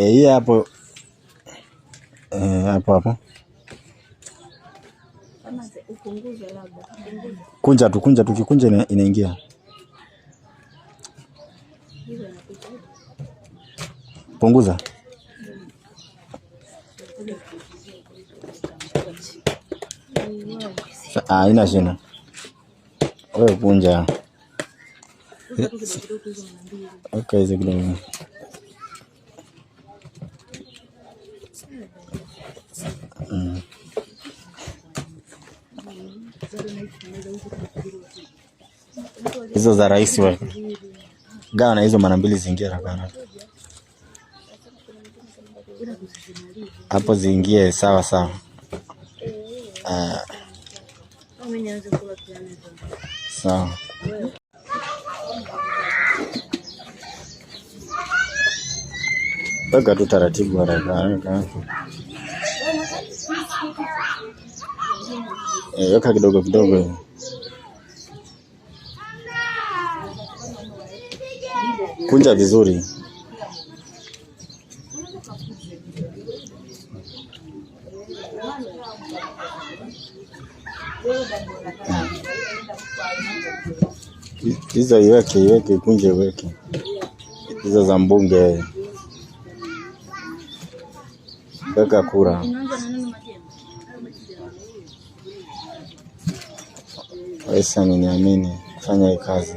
Eh, hii hapo eh, hapo hapo, kunja tu, kunja tu, kikunja inaingia punguza ah, haina shina. Wewe punja. Eh, okay, Hizo za rais wewe. Gawa na hizo mara mbili zingie rakana hapo ziingie sawa sawa. Uh, sawa weka tu taratibu haraka haraka. Eh, weka kidogo kidogo. Kunja vizuri. Hizo iweke, iweke, kunje, iweke hizo za mbunge. Kaka kura ni niamini kufanya hii kazi.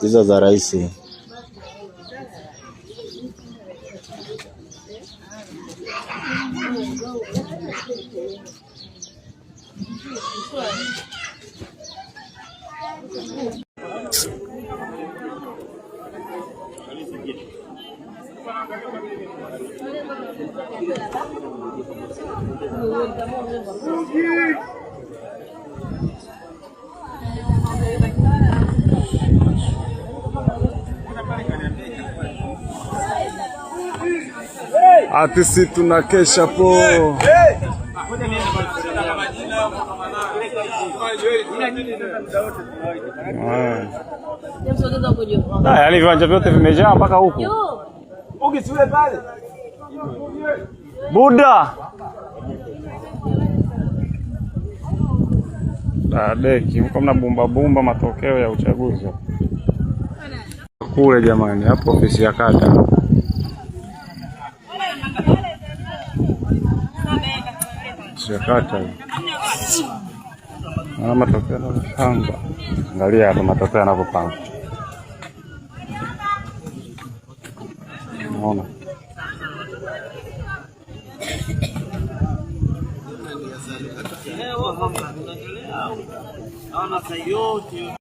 Hizo za you. Atisi tunakesha po yaani viwanja vyote vimejaa mpaka huku. Buda dadeki huko, mna bumba bumba matokeo ya uchaguzi kule. Jamani, hapo ofisi ya kata ofisi ya kata na matokeo yanavyopangwa. Angalia hapa matokeo yanavyopangwa, naona kwamba tunaendelea au naona saa yote